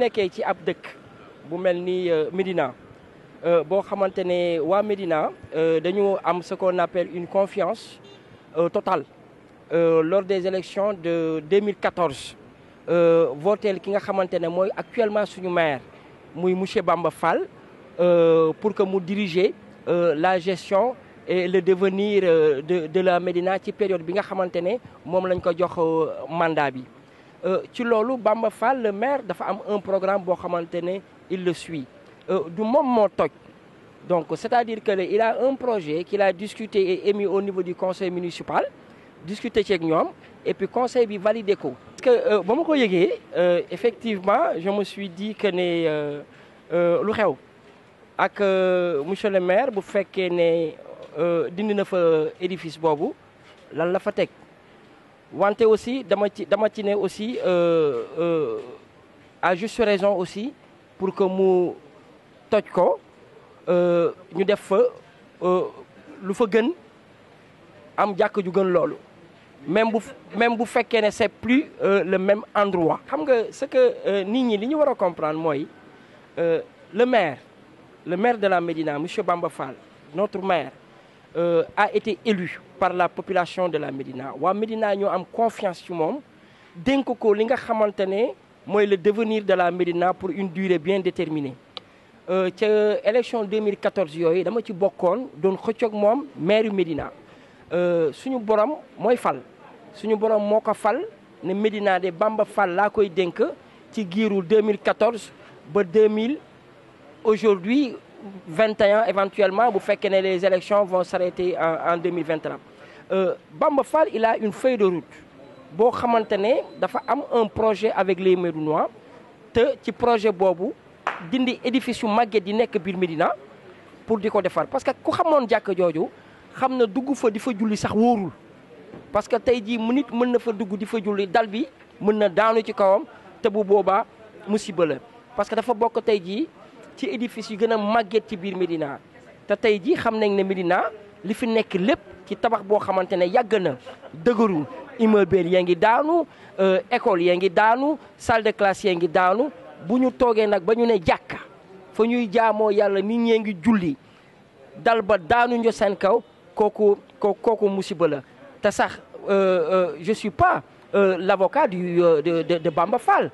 nekkee ci ab dëkk bu melni ni euh, euh bo xamante wa Medina. euh dañu am ce qu'on appelle une confiance euh, totale euh, lors des élections de 2014 votel ki nga xamante moy actuellement suñu maire muy monsieur Bamba Fall pour que mu diriger la gestion et le devenir de de la Medina. ci période bi nga xamante mom lañ ko jox mandat bi euh, ci loolu Bamba Fall le maire dafa am un programme boo xamante ne il le suit euh, du moom moo toj donc c'est-à-dire que il a un projet qu'il a discuté et émis au niveau du conseil municipal discuté ceeg ñoom et puis conseil bi validé ko. parce que euh, ba ma ko yëgee effectivement je me suis dit que ne lu xew ak monsieur le maire bu fekkee ne dindi na fa édifice boobu lan la fa teg wante aussi dama aussi euh, euh, à juste raison aussi pour que nous toj même vous, même plus euh, le même endroit ce que nous devons le maire le maire de la Médina monsieur Bamba notre maire euh, a été élu par la population de la Médina Wa Médina ñoo am confiance ci moom dénk ko li nga xamante ne le devenir de la Médina pour une durée bien déterminée euh, ca élection 2014 yooyu dama ci bokkoon doon xëccoog moom maire Médina euh, suñu borom moy fal suñu borom moko fal ne Medina de Bamba Fall la koy denk ci giiru 2014 ba 2000 aujourd'hui 2021 éventuellement vous faites que les élections vont s'arrêter en en 2023 euh, Bamba Fall il a une feuille de route Bon xamante ne dafa am un projet avec les Médinois te ci projet boobu dindi édifice yu màgget yi nekk Médina pour di ko parce que ku xamoon jàkk jooju xam na dugg fa di fa julli sax parce que tey jii mu nit mën na fa dugg di fa julli dal bi mën na daanu ci kawam te bu parce que dafa bokk tey ci édifice yu gën a màgget ci biir Medina te tey jii xam nañ ne Medina li fi nekk lépp ci tabax boo xamante ne yàgg na dëgëru immeuble yaa ngi daanu euh, école yaa ngi daanu salle de classe yaa ngi daanu bu ñu toogee nag ba ñu ne jàkka fa ñuy jaamoo yàlla nit ñee ngi julli dal ba daanu ñu seen kaw kooku kooku musiba la te sax euh, euh, je suis pas l'avocat du de de Bamba Fall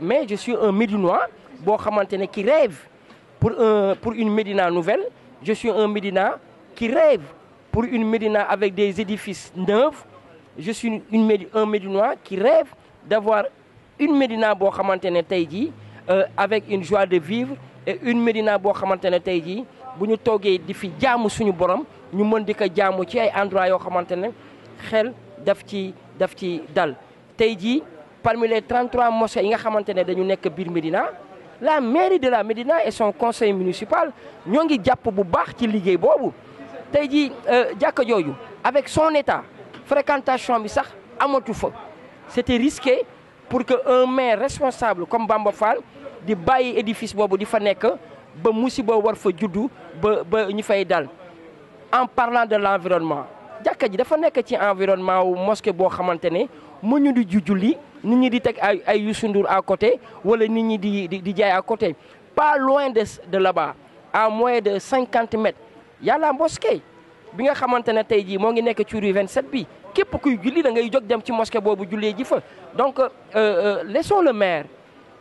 mais je suis un Médinois boo qui rêve pour un pour une Médina nouvelle je suis un Médina qui rêve pour une Médina avec des édifices neufs je suis une Médi un Médinois qui rêve d'avoir une Médina boo xamante euh, avec une joie de vivre et une Médina boo xamante ne tey jii bu ñu di fi jaamu suñu borom ñu mën di ko jaamu ci ay endroit yo xamantene xel daf ci daf ci dal tey parmi les 33 mosquées yi nga xamantene ne dañu nekk biir Médina la mairie de la Médina et son conseil municipal ñongi ngi jàpp bu baax ci liguey bobu tay ji euh, jakk avec son état fréquentation bi sax amatu fa c'était risqué pour que un maire responsable comme Bamba Fall di bàyyi édifice bobu di fa nek ba musiba war fa juddu ba ba ñu fay dal en parlant de l'environnement jakk ji dafa nek ci environnement wu mosquée bo xamantene ne di juju li nit ñi di teg ay à côté Ou les ñi di di à côté pas loin de de là-bas à moins de 50 mètres y a la mosquée bi nga xamante ne tey jii moo ngi nekk ci rue 27 bi pour kuy julli da ngay jóg d'un ci mosquée ji fa donc euh, euh, laissons le maire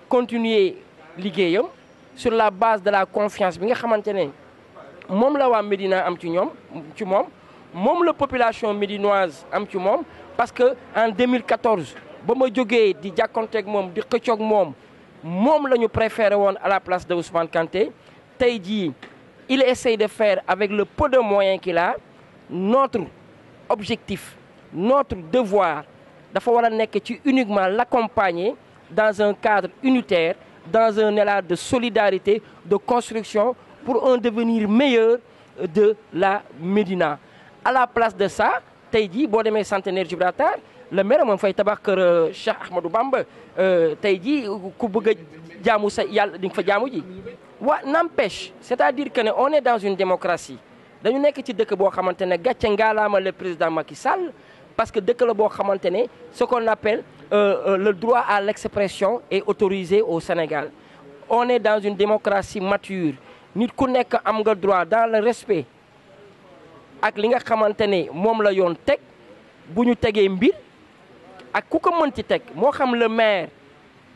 continuer liggéeyam sur la base de la confiance bi nga xamante ne la wa Médina am ci la population médinoise am parce que en 2014 bama ma di jakonté ak Mom, di xëccoog moom mom la ñu préféré à la place de Ousmane Kanté il essaie de faire avec le peu de moyens qu'il a notre objectif notre devoir dafa wara nek ci uniquement l'accompagner dans un cadre unitaire dans un élan de solidarité de construction pour un devenir meilleur de la Médina à la place de ça tey jii boo demee centenaire Gibraltar le maire moom fay tabax keur Cheikh Ahmadou Bamba euh, tay ji ku bëgg a jaamu sa yàlla di fa jaamu ji. wa n'empêche c'est-à-dire que on est dans une démocratie dañu nek ci dëkk bo xamantene gatché gàcce le président Macky Sall parce que dëkk la bo xamantene ce qu'on appelle euh, euh, le droit à l'expression est autorisé au Sénégal on est dans une démocratie mature nit ku nek am nga droit dans le respect ak li nga xamantene mom la yon tek buñu ñu mbir à ku ko mën ci le maire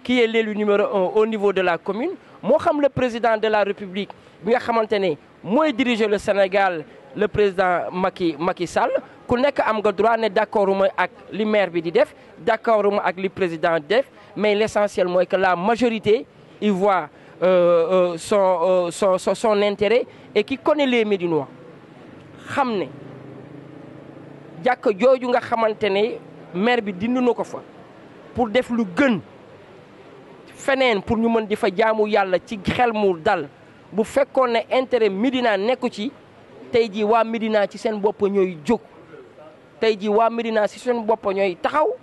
qui est l'élu numéro un au niveau de la commune moo xam le président de la république bi nga xamante ne mooy le Sénégal le président Macky Macky Sall ku nekk am nga droit d'accord avec le maire bi d'accord avec le président def mais l'essentiel est que la majorité y voit euh, euh, euh, son, son son intérêt et qui connaît les Médinois xam ne jàkk jooju nga que... ne maire bi dindi na fa pour def lu gën fenen pour ñu mën di fa jaamu yalla ci xel mu dal bu fekkoon ne intérêt medina nekku ci tay ji wa medina ci sen bopp ñoy jóg tay ji wa medina ci sen bopp ñoy taxaw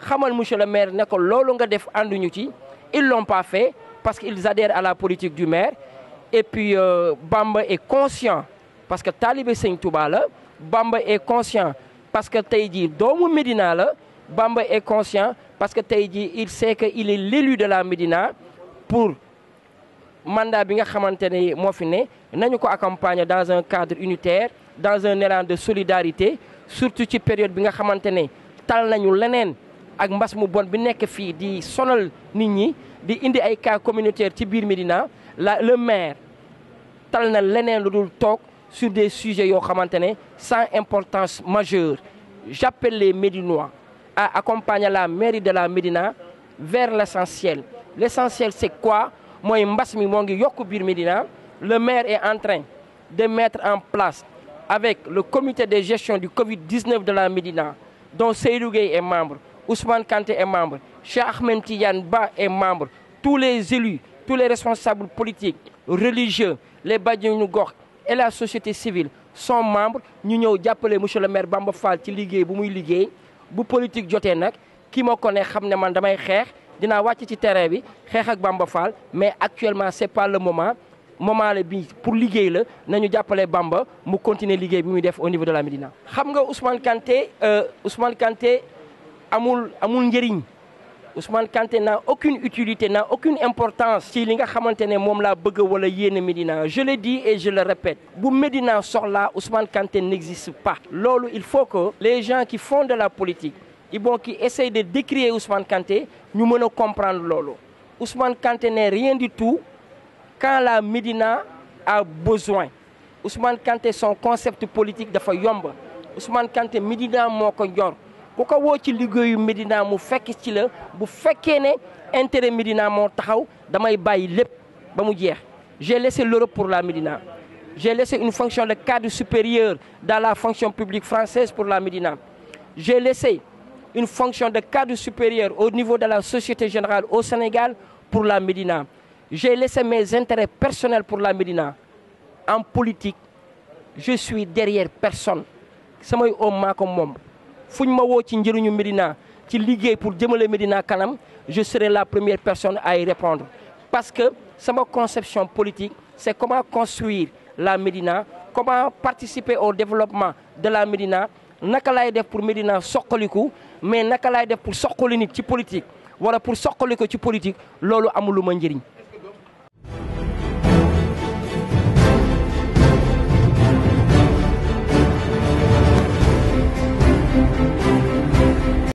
xamal monsieur le maire ne ko nga def ànduñu ci ils l'ont pas fait parce qu'ils adhèrent à la politique du maire et puis euh, Bamba est conscient parce que Talibé Seigne Touba la Bamba est conscient parce que Taïdi, jii Medina Médina Bamba est conscient parce que Taïdi, il sait que il est l'élu de la Medina pour mandat bi nga xamantene mo fi né nañu dans un cadre unitaire dans un élan de solidarité surtout ci période bi nga xamantene tal nañu lenen ak mbass mu bon bi di sonal nit ñi di indi ay cas communautaire ci biir le maire tal na lenen lu dul sur des sujets sans importance majeure j'appelle les Médinois à accompagner la mairie de la Médina vers l'essentiel l'essentiel c'est quoi Moi, Médina le maire est en train de mettre en place avec le comité de gestion du Covid-19 de la Médina dont Seydou est membre Ousmane Kanté est membre Cheikh Ahmed est membre tous les élus tous les responsables politiques religieux les Badiou et la société civile sont membres ñu ñëw jàppale monsieur le maire Bamba Fall ci liggéey bu muy liggéey bu politique jotee nag ki ma ko ne xam ne man damay xeex dinaa sur ci terrain bi xeex ak Bamba Fall mais actuellement c'est pas le moment moment la bi pour liggéey nous nañu jàppale Bamba mu continuer liggéey bi muy def au niveau de la Médina. xam nga Ousmane Kanté euh, Ousmane Kanté amul amul njëriñ. Ousmane Kanté n'a aucune utilité n'a aucune importance Si li nga bëgg wala Médina je le dis et je le répète Si bu Médina là, Ousmane Kanté n'existe pas il faut que les gens qui font de la politique qui essayent de décrire Ousmane Kanté nous comprenions comprendre Ousmane Kanté n'est rien du tout quand la Médina a besoin Ousmane Kanté son concept politique de yomb Ousmane Kanté Médina moins ko ku ko woo ci liggéeyu Médina mu fekk ci la bu fekkee ne intérêt Medina mo taxaw damay bàyyi lepp ba mu jeex j'ai laissé l'Europe pour la Médina j'ai laissé une fonction de cadre supérieur dans la fonction publique française pour la Médina j'ai laissé une fonction de cadre supérieur au niveau de la Société Générale au Sénégal pour la Médina j'ai laissé mes intérêts personnels pour la Médina en politique je suis derrière personne samay homme maa ko moom fuñ ma ci njëriñu Médina ci pour démolir Medina kanam je serai la première personne à y répondre parce que c'est ma conception politique c'est comment construire la Médina comment participer au développement de la Médina naka def pour Médina soqaliku mais naka def pour soqali nit ci politique wala pour soqali ci politique lolu amuluma njëriñ